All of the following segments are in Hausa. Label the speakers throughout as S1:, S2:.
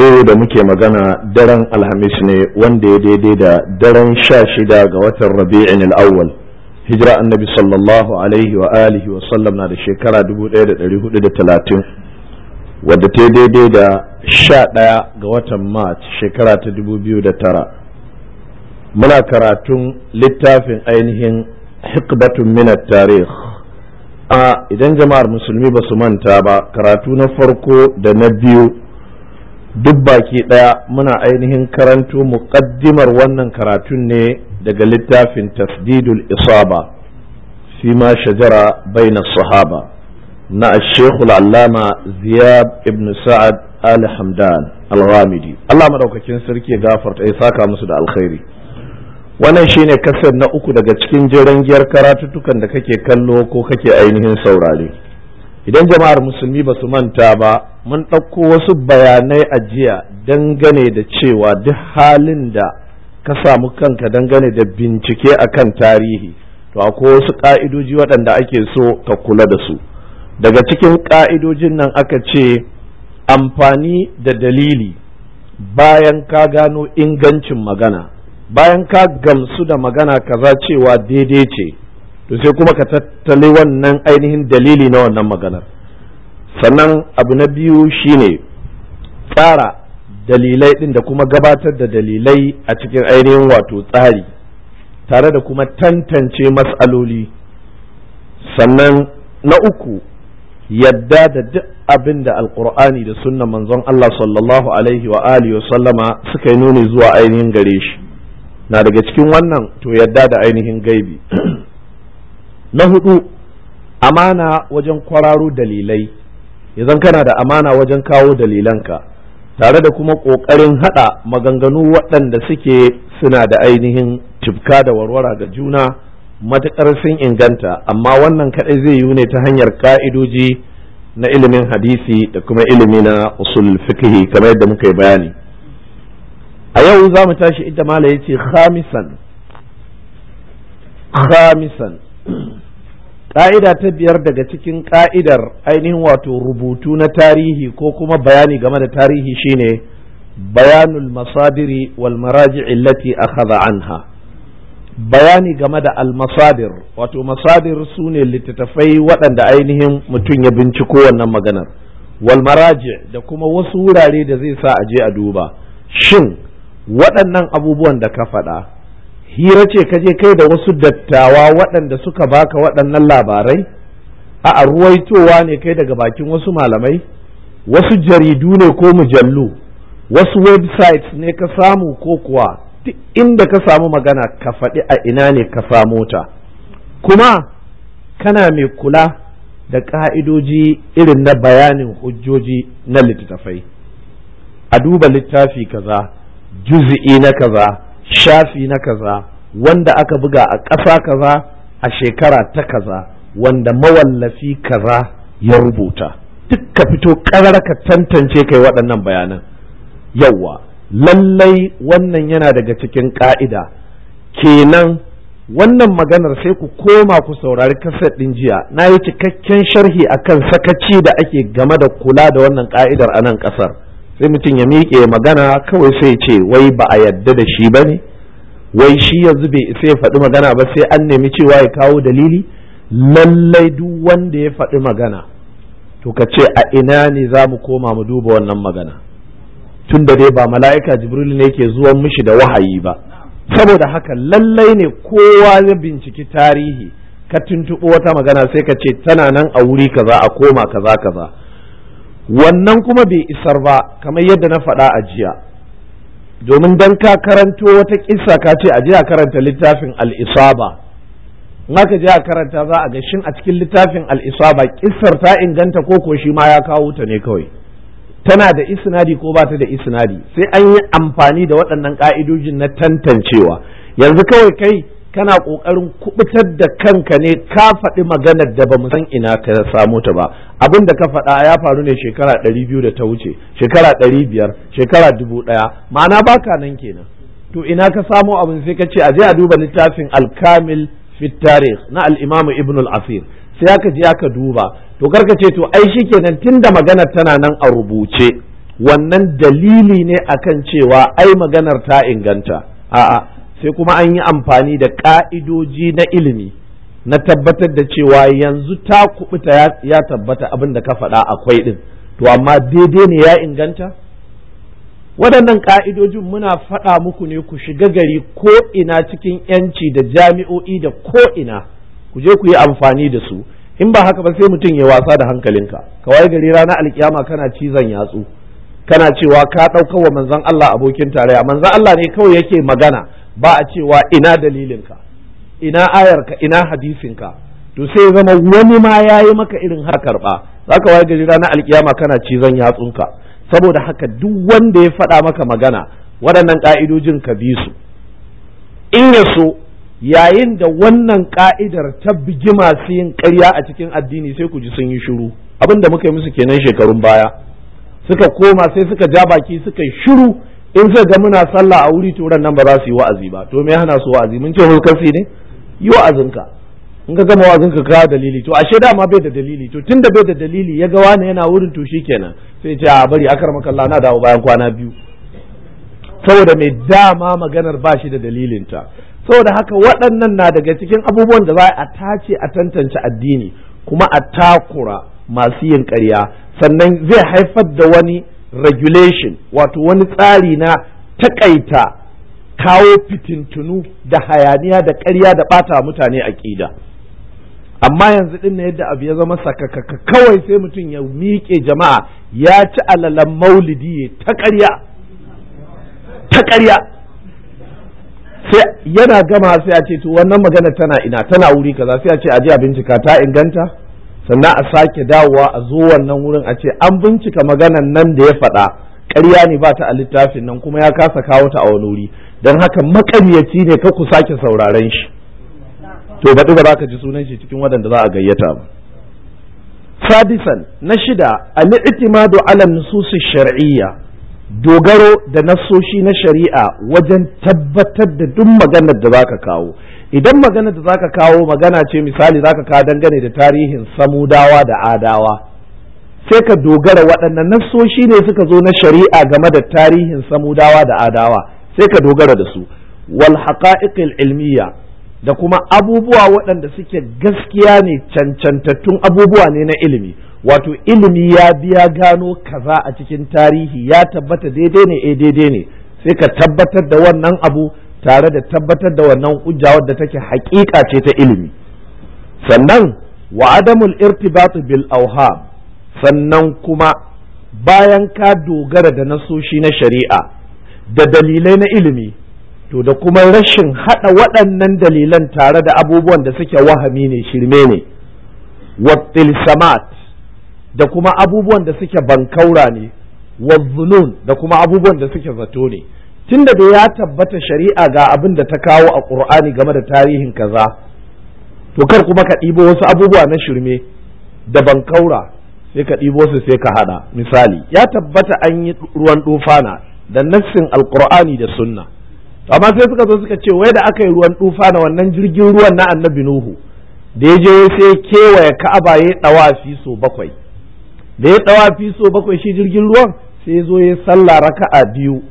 S1: yanzu da muke magana daren alhamis ne wanda ya daidai da daren sha shida ga watan rabi'in al'awwal hijira annabi sallallahu alaihi wa alihi wa sallam na da shekara 1430 wadda ta daidai da sha ɗaya ga watan march shekara ta 2009 muna karatun littafin ainihin hikbatun minat tarih a idan jama'ar musulmi ba su manta ba karatu na farko da na biyu duk baki ɗaya muna ainihin karanto muƙaddimar wannan karatun ne daga littafin tasdidul isaba fi ma shajara baina sahaba na shekul allama ziyab ibn sa'ad al-hamdan al-ramidi Allah madaukakin sarki gafarta ya saka musu da alkhairi wannan shine kasar na uku daga cikin jirangiyar karatuttukan da kake kallo ko kake ainihin saurare idan jama'ar musulmi ba su manta ba mun ɗauko wasu bayanai a jiya dangane da cewa duk halin da ka samu kanka dangane da bincike a kan tarihi to akwai wasu ƙa'idoji waɗanda ake so ka kula da su daga cikin ƙa'idojin nan aka ce amfani da dalili bayan ka gano ingancin magana bayan ka gamsu da magana kaza cewa daidai ce to sai kuma ka tattali wannan ainihin dalili na wannan maganar sannan abu na biyu shine tsara dalilai din da kuma gabatar da dalilai a cikin ainihin wato tsari tare da kuma tantance matsaloli sannan na uku yadda da duk abin da alkur'ani da sunna manzon Allah sallallahu alaihi wa alihi sallama suka yi nuni zuwa ainihin gare shi na daga cikin wannan to yadda da ainihin gaibi na hudu amana wajen kwararo dalilai yanzu kana da amana wajen kawo dalilanka tare da kuma ƙoƙarin haɗa maganganu waɗanda suke suna da ainihin cifka da warwara ga juna matuƙar sun inganta amma wannan kaɗai zai yiwu ne ta hanyar ka'idoji na ilimin hadisi da kuma ilimi na usul fikihi kamar yadda muka yi bayani a yau za mu tashi ita mala yace, ce khamisan khamisan ƙa'ida ta biyar daga cikin ƙa'idar ainihin wato rubutu na tarihi ko kuma bayani game da tarihi shine bayanul masadiri wal maraji'i allati akhadha anha bayani game da almasadir wato masadir su ne littattafai waɗanda ainihin mutum ya binciko wannan maganar wal maraji da kuma wasu wurare da zai sa a je a duba shin waɗannan abubuwan da ka faɗa hira ce kaje kai da wasu dattawa waɗanda suka baka waɗannan labarai a ruwaitowa ne kai daga bakin wasu malamai wasu jaridu ne ko mujallu wasu websites ne ka samu ko kuwa duk inda ka samu magana ka faɗi a ina ne ka samu ta kuma kana mai kula da ƙa'idoji irin na bayanin hujjoji na littattafai a duba littafi kaza juzi'i na kaza shafi na kaza wanda aka buga a ƙasa kaza a shekara ta kaza wanda mawallafi kaza ya rubuta duk ka fito ƙarar ka tantance kai waɗannan bayanan yawwa lallai wannan yana daga cikin ƙa'ida kenan wannan maganar sai ku koma ku saurari kaset ɗin jiya na yi cikakken sharhi akan sakaci da ake game da kula da wannan ƙa'idar a nan ƙasar sai mutum ya miƙe magana kawai sai ce wai ba a yadda da shi ba ne wai shi yanzu bai isa ya faɗi magana ba sai an nemi cewa ya kawo dalili lallai duk wanda ya faɗi magana to ka ce a ina ne za mu koma mu duba wannan magana tun da dai ba mala'ika jibril ne yake zuwan mishi da wahayi ba saboda haka lallai ne kowa ya binciki tarihi ka tuntuɓo wata magana sai ka ce tana nan a wuri kaza a koma kaza kaza wannan kuma bai isar ba kamar yadda na faɗa a jiya domin don ka karanto wata kissa ka ce a jiya karanta littafin al'isaba, na ka aka je a karanta za a ga shin a cikin littafin al'isaba. isaba kissar ta inganta ko ko shi ma ya kawo ta ne kawai tana da isnadi ko ba ta da isnadi sai an yi amfani da waɗannan ka'idojin na tantancewa yanzu kawai kai kana ƙoƙarin kubutar da kanka ne ka faɗi maganar da ba mu san ina ka samu ta ba abin da ka faɗa ya faru ne shekara ɗari biyu da ta wuce shekara ɗari biyar shekara dubu ɗaya ma'ana baka nan kenan to ina ka samo abin sai ka ce a je a duba littafin alkamil fittare na al'imamu ibn al-asir sai aka je aka duba to karka ce to ai shi shikenan tunda maganar tana nan a rubuce wannan dalili ne akan cewa ai maganar ta inganta a'a sai kuma an yi amfani da ƙa'idoji na ilimi na tabbatar da cewa yanzu ta kubuta ya tabbata abin da ka faɗa akwai ɗin to amma daidai ne ya inganta waɗannan ƙa'idojin muna faɗa muku ne ku shiga gari ko ina cikin ‘yanci da jami'o'i da ko ina ku je ku yi amfani da su in ba haka ba sai mutum ya wasa da hankalinka kawai gari ranar alkiyama kana cizon yatsu kana cewa ka ɗaukar wa manzon Allah abokin tarayya manzon Allah ne kawai yake magana ba a cewa ina dalilinka ina ayarka ina hadisinka to sai zama wani ma ya yi maka irin harkar ba za ka waye gari ranar alkiyama kana cizon yatsunka saboda haka duk wanda ya faɗa maka magana waɗannan ƙa'idojin ka bi su in ya so yayin da wannan ƙa'idar ta bigi masu yin ƙarya a cikin addini sai ku ji sun yi shiru abin da muka yi musu kenan shekarun baya suka koma sai suka ja baki suka yi shiru in zai ga muna sallah a wuri turan nan ba za su yi wa'azi ba to me hana su wa'azi mun ce hulkarsi ne yi wa'azinka in ka gama wa'azin ka dalili to ashe dama bai da dalili to tunda bai da dalili ya ga wani yana wurin to kenan sai ce a bari akar makalla na dawo bayan kwana biyu saboda mai dama maganar ba shi da dalilinta saboda haka waɗannan na daga cikin abubuwan da za a tace a tantance addini kuma a takura masu yin ƙarya sannan zai haifar da wani regulation wato wani tsari na takaita kawo fitintunu da hayaniya da ƙarya da ɓata mutane a ƙida. amma yanzu ɗin na yadda abu ya zama sakakaka kawai sai mutum ya miƙe jama'a ya ci alalan maulidi ta ƙarya ta ƙarya sai yana gama sai a ce to wannan magana tana ina tana wuri kaza sai a ce aje a bincika ta inganta sannan a sake dawowa a zo wannan wurin a ce an bincika maganan nan da ya faɗa ƙarya ne ba ta a littafin nan kuma ya kasa kawo ta a wani wuri don haka maƙaryaci ne ka ku sake sauraren shi to baɗi ba za ka ji sunan shi cikin waɗanda za a gayyata ba sadisan na shida al-i'timadu ala nusus shar'iyya dogaro da nassoshi na shari'a wajen tabbatar da duk maganar da zaka kawo idan maganar da zaka kawo magana ce misali zaka kawo dangane da tarihin samudawa da adawa sai ka dogara waɗannan nassoshi ne suka zo na shari'a game da tarihin samudawa da adawa sai ka dogara da su wal haqa'iqil ilmiya da kuma abubuwa waɗanda suke gaskiya ne cancantattun abubuwa ne na ilimi wato ilimi ya biya gano kaza a cikin tarihi ya tabbata daidai ne eh daidai ne sai ka tabbatar da wannan abu tare da tabbatar da wannan hujja wadda take haƙiƙa ce ta ilimi sannan wa adamul irtibat bil auham sannan kuma bayan ka dogara da nasoshi na shari'a da dalilai na ilimi to da kuma rashin hada waɗannan dalilan tare da abubuwan da suke wahami ne shirme ne wa tilsamat da kuma abubuwan da suke bankaura ne wazzunun da kuma abubuwan da suke zato ne Tun da ya tabbata shari'a ga abin da ta kawo a ƙur'ani game da tarihin kaza to kar kuma ka ɗibo wasu abubuwa na shirme da bankaura sai ka ɗibo su sai ka haɗa misali ya tabbata an yi ruwan ɗufana da nassin alƙur'ani da sunna amma sai suka zo suka ce wai da aka yi ruwan ɗufana wannan jirgin ruwan na annabi nuhu da ya je sai kewaye ka'aba ya ɗawafi so bakwai da ya ɗawafi so bakwai shi jirgin ruwan sai zo ya sallah raka'a biyu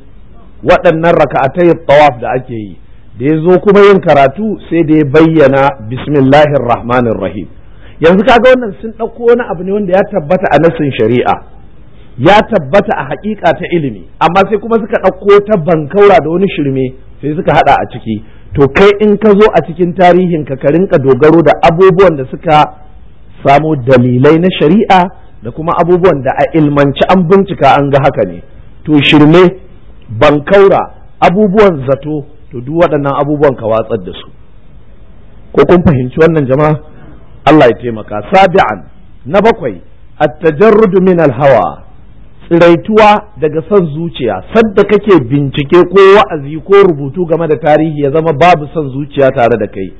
S1: waɗannan raka'atai tawaf da ake yi da ya zo kuma yin karatu sai da ya bayyana bismillahir rahmanir rahim yanzu kaga wannan sun ɗauko wani abu ne wanda ya tabbata a nasin shari'a ya tabbata a haƙiƙa ta ilimi amma sai kuma suka ɗauko ta bankaura da wani shirme sai suka haɗa a ciki to kai in ka zo a cikin tarihin ka ka rinka dogaro da abubuwan da suka samo dalilai na shari'a da kuma abubuwan da a ilmanci an bincika an ga haka ne to shirme bankaura abubuwan zato to duk waɗannan abubuwan ka watsar da su ko kun fahimci wannan jama'a Allah ya taimaka sabi'an na bakwai at tajarrud min al-hawa tsiraituwa daga son zuciya sadda kake bincike ko wa'azi ko rubutu game da tarihi ya zama babu son zuciya tare da kai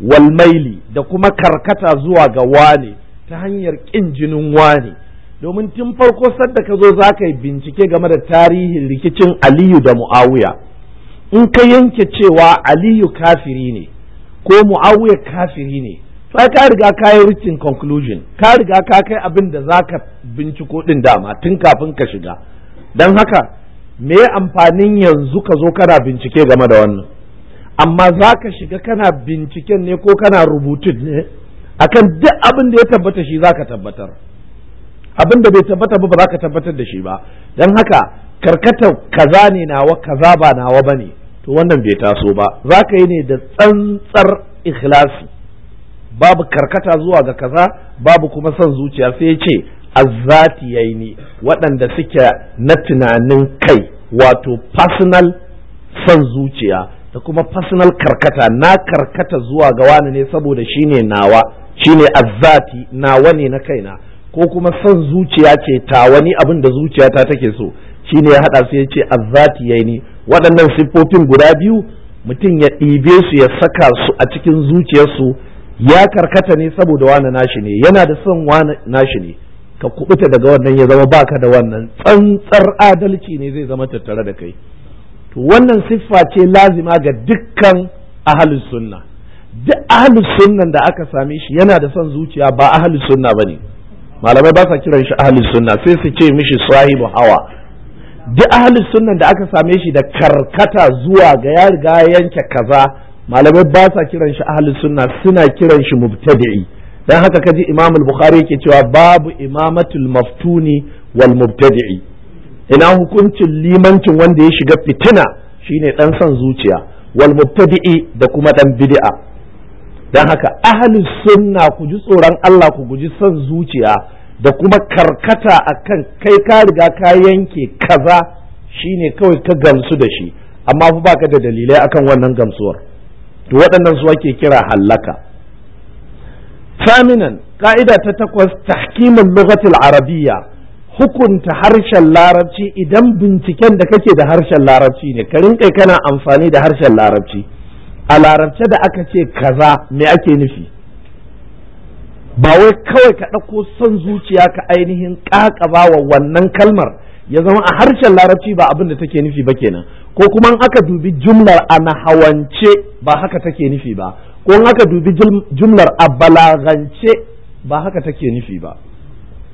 S1: walmaili da kuma karkata zuwa ga wani ta hanyar ƙin jinin wani domin tun farko sadda ka zo za ka yi bincike game da tarihin rikicin aliyu da mu'awiya in ka yanke cewa aliyu kafiri ne ko mu'awiya kafiri ne to ka riga ka yi rikin conclusion ka riga ka kai abin da za ka binciko ɗin dama tun kafin ka shiga don haka me amfanin yanzu ka zo kana bincike game da wannan amma za ka shiga kana binciken ne ko kana rubutun ne akan duk abin da ya tabbata shi zaka tabbatar abin da bai tabbata ba ba zaka tabbatar da shi ba dan haka karkatar kaza ne nawa kaza ba nawa bane to wannan bai taso ba zaka yi ne da tsantsar ikhlasi babu karkata zuwa ga kaza babu kuma son zuciya sai ya ce azzati ni waɗanda suke na tunanin kai wato personal son zuciya da kuma personal karkata na karkata zuwa ga wani ne saboda shine nawa shine azzati nawa ne na kaina ko kuma son zuciya ce ta wani abin da zuciyata take so shine ya haɗa su ya ce azzati yi ni waɗannan siffofin guda biyu mutum ya ɗibe su ya saka su a cikin zuciyarsu ya karkata ne saboda wani nashi ne yana da son wani nashi ne ka kubuta daga wannan ya zama baka da wannan tsantsar adalci ne zai zama tattare da kai wannan siffa ce lazima ga dukkan ahalus sunna duk ahalus sunnan da aka same shi yana da son zuciya ba ahalus sunna bane malamai ba sa kiran shi ahalus sunna sai su ce mishi sahibu hawa duk ahalus sunnan da aka same shi da karkata zuwa ga ya riga yanke kaza malamai ba sa kiran shi ahalus sunna suna kiran shi mubtadi'i dan haka kaji ji imamul bukhari yake cewa babu imamatul maftuni wal mubtadi'i ina hukuncin limancin wanda ya shiga fitina shine dan son zuciya wal mubtadi'i da kuma dan bid'a dan haka ahlus sunna ku ji tsoron Allah ku guji son zuciya da kuma karkata akan kai ka riga ka yanke kaza shine kawai ka gamsu da shi amma fa baka da dalilai akan wannan gamsuwar to waɗannan su ake kira hallaka Saminan, ƙa'ida ta takwas tahkimar lugatil arabiyya hukunta harshen larabci idan binciken da kake da harshen larabci ne ka rinka kana amfani da harshen larabci a larabce da aka ce kaza me ake nufi ba wai kawai ka ɗauko son zuciya ka ainihin ƙaƙaba wa wannan kalmar ya zama a harshen larabci ba abin da take nufi ba kenan ko kuma aka dubi jumlar a nahawance ba haka take nufi ba ko aka dubi jumlar a balagance ba haka take nufi ba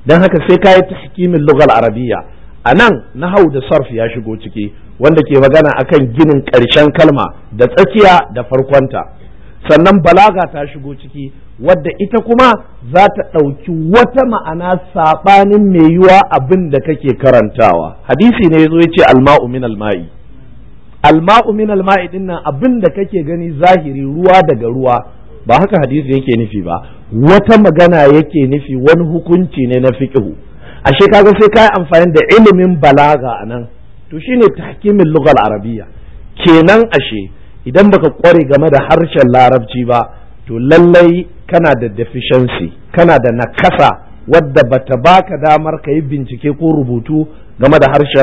S1: don haka sai ka yi tahkimin lugal arabiya a nan na hau da sarf ya shigo ciki wanda ke magana akan ginin ƙarshen kalma da tsakiya da farkonta sannan balaga ta shigo ciki wadda ita kuma za ta ɗauki wata ma'ana saɓanin mai yiwa abin da kake karantawa hadisi ne yazo ya ce alma'u min alma'i alma'u min alma'i din abin da kake gani zahiri ruwa daga ruwa ba haka hadisi yake nufi ba wata magana yake nufi wani hukunci ne na fiqhu ashe kaga sai kai amfani da ilimin balaga anan to shine tahkimin lughal arabiyya kenan ashe idan baka kware game da harshen larabci ba to lallai kana da deficiency kana da nakasa wadda bata baka damar ka yi bincike ko rubutu game da harshen